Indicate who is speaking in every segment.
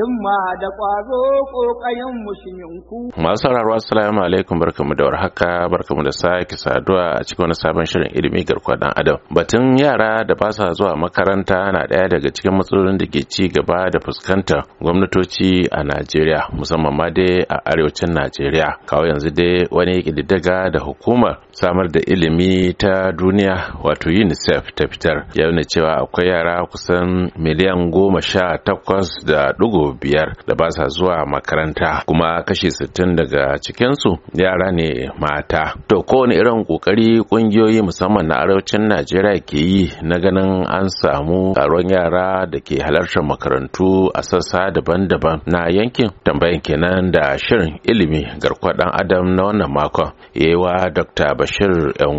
Speaker 1: himma da ƙwazo ƙoƙayen mushinku.
Speaker 2: Masu sauraro assalamu alaikum barkamu da warhaka barkamu da sake saduwa a cikin wani sabon shirin ilimi garkuwa dan adam. Batun yara da ba sa zuwa makaranta na ɗaya daga cikin matsalolin da ke ci gaba da fuskanta gwamnatoci a Najeriya musamman ma dai a arewacin Najeriya. Kawo yanzu dai wani ƙididdiga da hukumar samar da ilimi ta duniya wato UNICEF ta fitar ya cewa akwai yara kusan miliyan goma sha takwas da ɗigo biyar da ba sa zuwa makaranta kuma kashi sittin daga cikinsu yara ne mata to kowane irin kokari ƙungiyoyi musamman na arewacin najeriya ke yi na ganin an samu taron yara da ke halartar makarantu a sassa daban-daban na yankin tambayan kenan da shirin ilimi garkuwa ɗan adam na wannan makon yewa dr bashir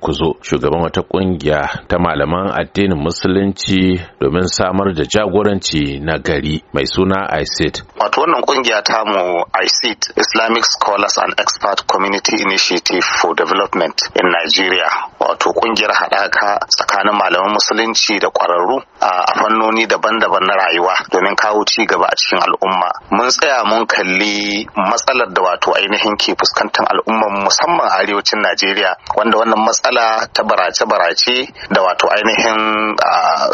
Speaker 2: kuzo. shugaban wata ƙungiya ta malaman addinin musulunci domin samar da jagoranci na gari mai suna a ICT. E
Speaker 1: Wato wannan kungiya ta mu ICT e Islamic Scholars and Expert Community Initiative for Development in Nigeria wato kungiyar haɗaka tsakanin malaman musulunci da ƙwararru a fannoni daban-daban na rayuwa domin kawo ci gaba a cikin al'umma mun tsaya mun kalli matsalar da wato ainihin ke fuskantar al'umman musamman a arewacin najeriya wanda wannan matsala ta barace-barace da wato ainihin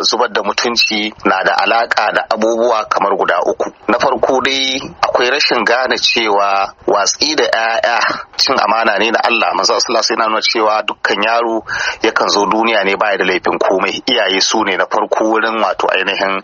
Speaker 1: zubar da mutunci na da alaka da abubuwa kamar guda uku na farko dai akwai rashin gane cewa watsi da 'ya'ya cin amana ne na allah manzo sallallahu alaihi wasallam cewa dukkan yaro yakan zo duniya ne baya da laifin komai iyaye su ne na farko wurin wato ainihin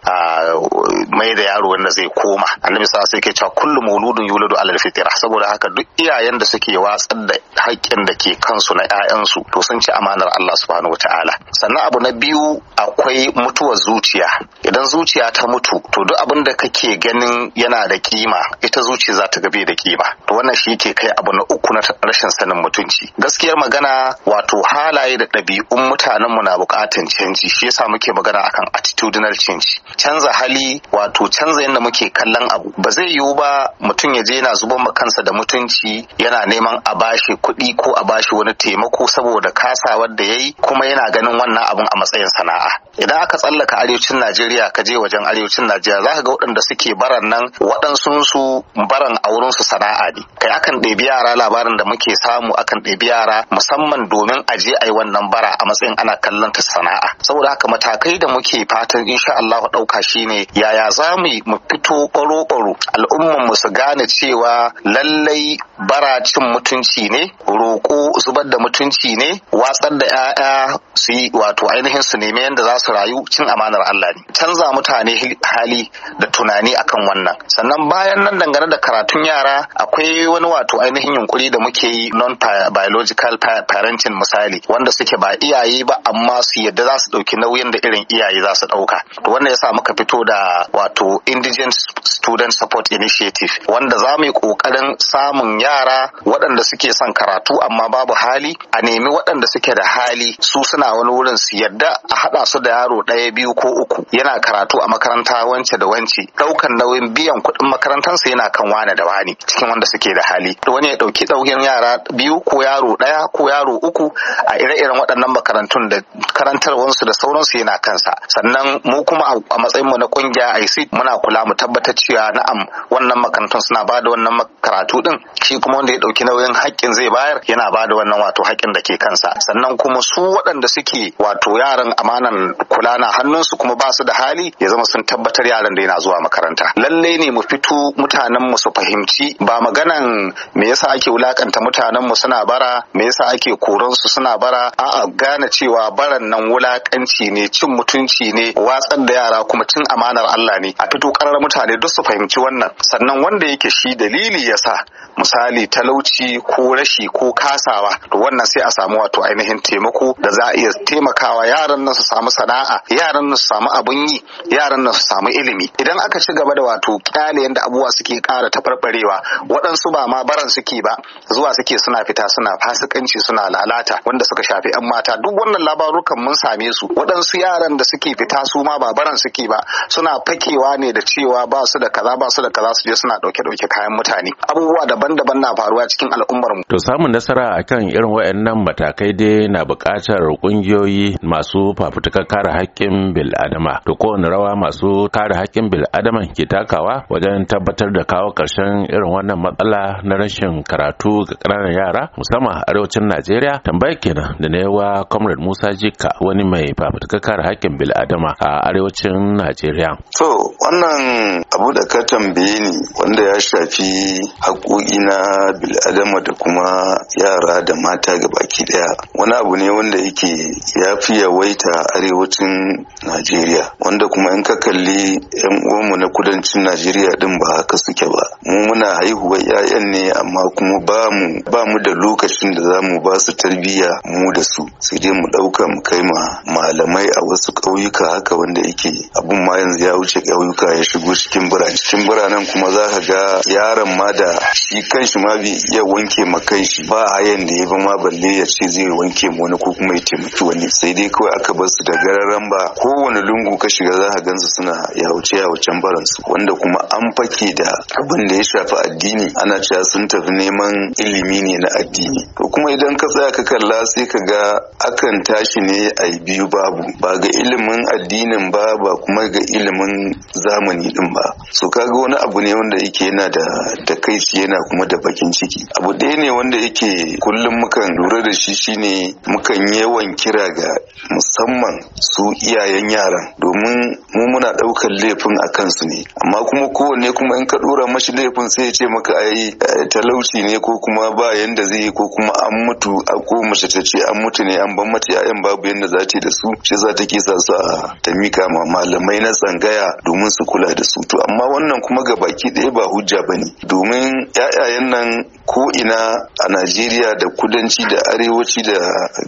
Speaker 1: mai da yaro wanda zai koma annabi sa sai ke cewa kullum mauludun yuladu alal fitra saboda haka duk iyayen da suke watsar da haƙƙin da ke kansu na ƴaƴansu to sun ci amanar Allah subhanahu wataala sannan abu na biyu akwai mutuwar zuciya idan zuciya ta mutu to duk abin da kake ganin yana da kima ita zuciya za ta bai da kima to wannan shi ke kai abu na uku na rashin sanin mutunci gaskiyar magana wato hala halaye da ɗabi'un mutanen mu na buƙatan canji shi yasa muke magana akan attitudinal change canza hali wato canza yadda muke kallon abu ba zai yiwu ba mutum ya je yana ma kansa da mutunci yana neman a bashi kuɗi ko a bashi wani taimako saboda kasawar da yayi kuma yana ganin wannan abun a matsayin sana'a idan aka tsallaka arewacin Najeriya ka je wajen arewacin Najeriya za ka ga waɗanda suke baran nan waɗansu su baran a wurin su sana'a ne kai akan ɗebi yara labarin da muke samu akan ɗebi yara musamman domin a je a kare wannan bara a matsayin ana kallon ta sana'a saboda haka matakai da muke fatan insha Allah ɗauka shine yaya za mu mu fito ƙoro ƙoro al'umman mu su gane cewa lallai bara cin mutunci ne roƙo zubar da mutunci ne watsar da 'ya'ya su yi wato ainihin su neme yadda za su rayu cin amanar Allah ne canza mutane hali da tunani akan wannan sannan bayan nan dangane da karatun yara akwai wani wato ainihin yunkuri da muke yi non biological parenting misali wanda suke ba iyaye ba amma su yadda za su ɗauki nauyin da irin iyaye za su ɗauka to wannan yasa muka fito da wato indigent student support initiative wanda za mu yi ƙoƙarin samun yara waɗanda suke son karatu amma babu hali a nemi waɗanda suke da hali su suna wani wurin su yadda a haɗa su da yaro ɗaya biyu ko uku yana karatu a makaranta wance da wance ɗaukan nauyin biyan kuɗin makarantarsa yana kan wane da wani cikin wanda suke da hali wani ya ɗauki ɗaukin yara biyu ko yaro ɗaya ko yaro uku a ire-iren waɗannan makarantun da karantarwansu da sauransu yana kansa sannan mu kuma a matsayinmu na kungiya IC muna kula mu tabbatar cewa na'am wannan makarantun suna ba da wannan karatu din shi kuma wanda ya ɗauki nauyin haƙƙin zai bayar yana ba da wannan wato haƙƙin da ke kansa sannan kuma su waɗanda suke wato yaran amanan kula na hannunsu kuma ba su da hali ya zama sun tabbatar yaran da yana zuwa makaranta lallai ne mu fito mutanen mu su fahimci ba maganan me yasa ake wulakanta mutanen mu suna bara me yasa ake koransu suna bara A'a a gane cewa baran nan wulakanci ne cin mutunci ne watsar da yara kuma cin amanar Allah ne a fito karar mutane duk su fahimci wannan sannan wanda yake shi dalili yasa misali talauci ko rashi ko kasawa to wannan sai a samu wato ainihin taimako da za a iya taimakawa yaran nan su samu sana'a yaran nan su samu abun yi yaran nan su samu ilimi idan aka ci gaba da wato kyale yanda abubuwa suke ƙara tafarbarewa waɗansu ba ma baran suke ba zuwa suke suna fita suna fasikanci suna lalata wanda suka shafi 'yan mata duk wannan labarukan mun same su waɗansu yaran da suke fita su ma ba baran suke ba suna fakewa ne da cewa ba su da kaza ba su da kaza su je suna ɗauke ɗauke kayan mutane abubuwa daban-daban na faruwa cikin al'ummar mu.
Speaker 2: To samun nasara akan irin waɗannan matakai dai na buƙatar ƙungiyoyi masu fafutukar kare haƙƙin bil'adama to kowane rawa masu kare haƙƙin bil'adama ke takawa wajen tabbatar da kawo ƙarshen irin wannan matsala na rashin karatu ga ƙananan yara musamman a arewacin Najeriya tambayar kenan da na yawa comrade musa jika wani mai fafutuka kare haƙƙin bil'adama a arewacin najeriya
Speaker 3: to wannan abu da ka tambaye ni wanda ya shafi haƙoƙi na bil'adama da kuma yara da mata ga baki ɗaya wani abu ne wanda yake ya fi yawaita arewacin najeriya wanda kuma in ka kalli yan uwanmu na kudancin najeriya din ba haka suke ba mu muna haihuwar 'ya'yan ne amma kuma ba mu da lokacin da za mu ba su tarbiyya mu mu da su sai dai mu ɗauka mu kai ma malamai a wasu ƙauyuka haka wanda yake abun ma yanzu ya wuce ƙauyuka ya shigo cikin birane cikin biranen kuma za ka ga yaron ma da shi kanshi ma bai iya wanke ma kai shi ba hayan da ya ba ma balle ya ce zai wanke mu wani ko kuma ya taimaki wani sai dai kawai aka bar su da gararan ba kowane lungu ka shiga za ka gansu suna ya wuce ya yawucen baransu wanda kuma an fake da abin da ya shafi addini ana cewa sun tafi neman ilimi ne na addini to kuma idan ka tsaya ka kalla sai ka ga akan tashi ne a biyu babu ba ga ilimin addinin ba ba kuma ga ilimin zamani din ba so ga wani abu ne wanda yake yana da takaici yana kuma da bakin ciki abu ɗaya ne wanda yake kullum mukan lura da shi shine mukan yawan kira ga musamman su iyayen yaran domin mu muna ɗaukar laifin a kansu ne amma kuma kowanne kuma in ka ɗora mashi laifin sai ya ce maka ai eh, talauci ne ko kuma ba yanda zai ko kuma an mutu a ko mace ta ce sai an mutu ne an ban mace yayan babu yadda za ta da su shi za ta kisa su a ta mika ma malamai na tsangaya domin su kula da su to amma wannan kuma ga baki ɗaya ba hujja ba ne domin yayayen nan ko ina a Najeriya da kudanci da arewaci da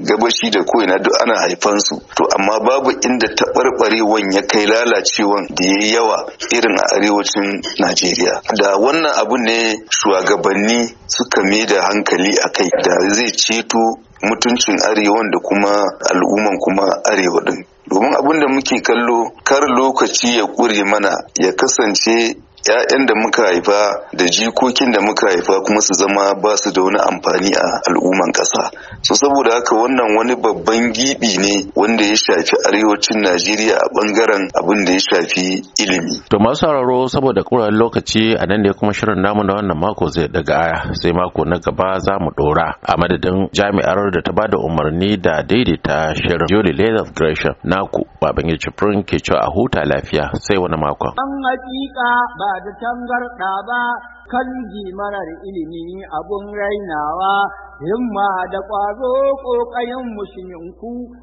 Speaker 3: gabashi da ko ina duk ana haifan su to amma babu inda taɓarɓarewan ya kai lalacewan da ya yawa irin a arewacin Najeriya da wannan abu ne shugabanni suka mai da hankali a kai da zai ceto mutuncin arewan da kuma al'umman kuma arewa din domin abin da muke kallo kar lokaci ya ƙure mana ya kasance 'ya'yan da muka haifa da jikokin da muka haifa kuma su zama ba su da wani amfani a al'umman ƙasa so saboda haka wannan wani babban gibi ne wanda ya shafi arewacin najeriya a bangaren abin
Speaker 2: da ya shafi ilimi to masu sauraro saboda kuran lokaci a nan ya kuma shirin namu da wannan mako zai daga aya sai mako na gaba za mu dora a madadin jami'ar da ta ba da umarni da daidaita shirin jolly leather gresham naku Babangida ya ke cewa a huta lafiya sai wani mako.
Speaker 1: da tangarɗa ba, kan marar ilimi abun rainawa, himma da ƙwazo
Speaker 3: ƙoƙayen musulunku.